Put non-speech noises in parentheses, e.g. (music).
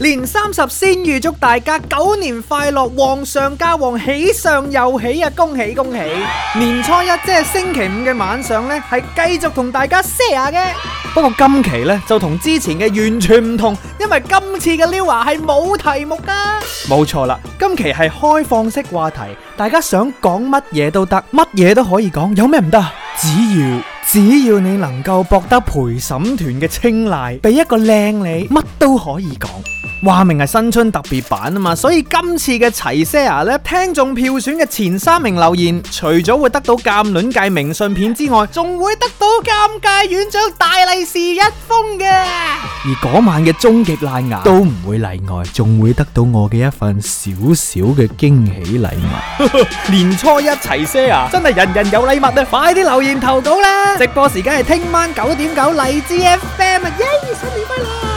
年三十先預祝大家九年快樂，皇上加王喜上又喜啊！恭喜恭喜！年初一即係星期五嘅晚上呢，係繼續同大家 share 嘅。不過今期呢，就同之前嘅完全唔同，因為今次嘅 Liu 華係冇題目噶。冇錯啦，今期係開放式話題，大家想講乜嘢都得，乜嘢都可以講，有咩唔得？只要只要你能夠博得陪審團嘅青睞，俾一個靚你，乜都可以講。話明係新春特別版啊嘛，所以今次嘅齊些牙咧，聽眾票選嘅前三名留言，除咗會得到尷卵尬明信片之外，仲會得到尷尬院長大利是一封嘅。而嗰晚嘅終極爛牙都唔會例外，仲會得到我嘅一份少少嘅驚喜禮物。 (laughs) 年初一齊些牙，真係人人有禮物啊！快啲留言投稿啦！直播時間係聽晚九點九荔枝 FM 耶，新年快樂！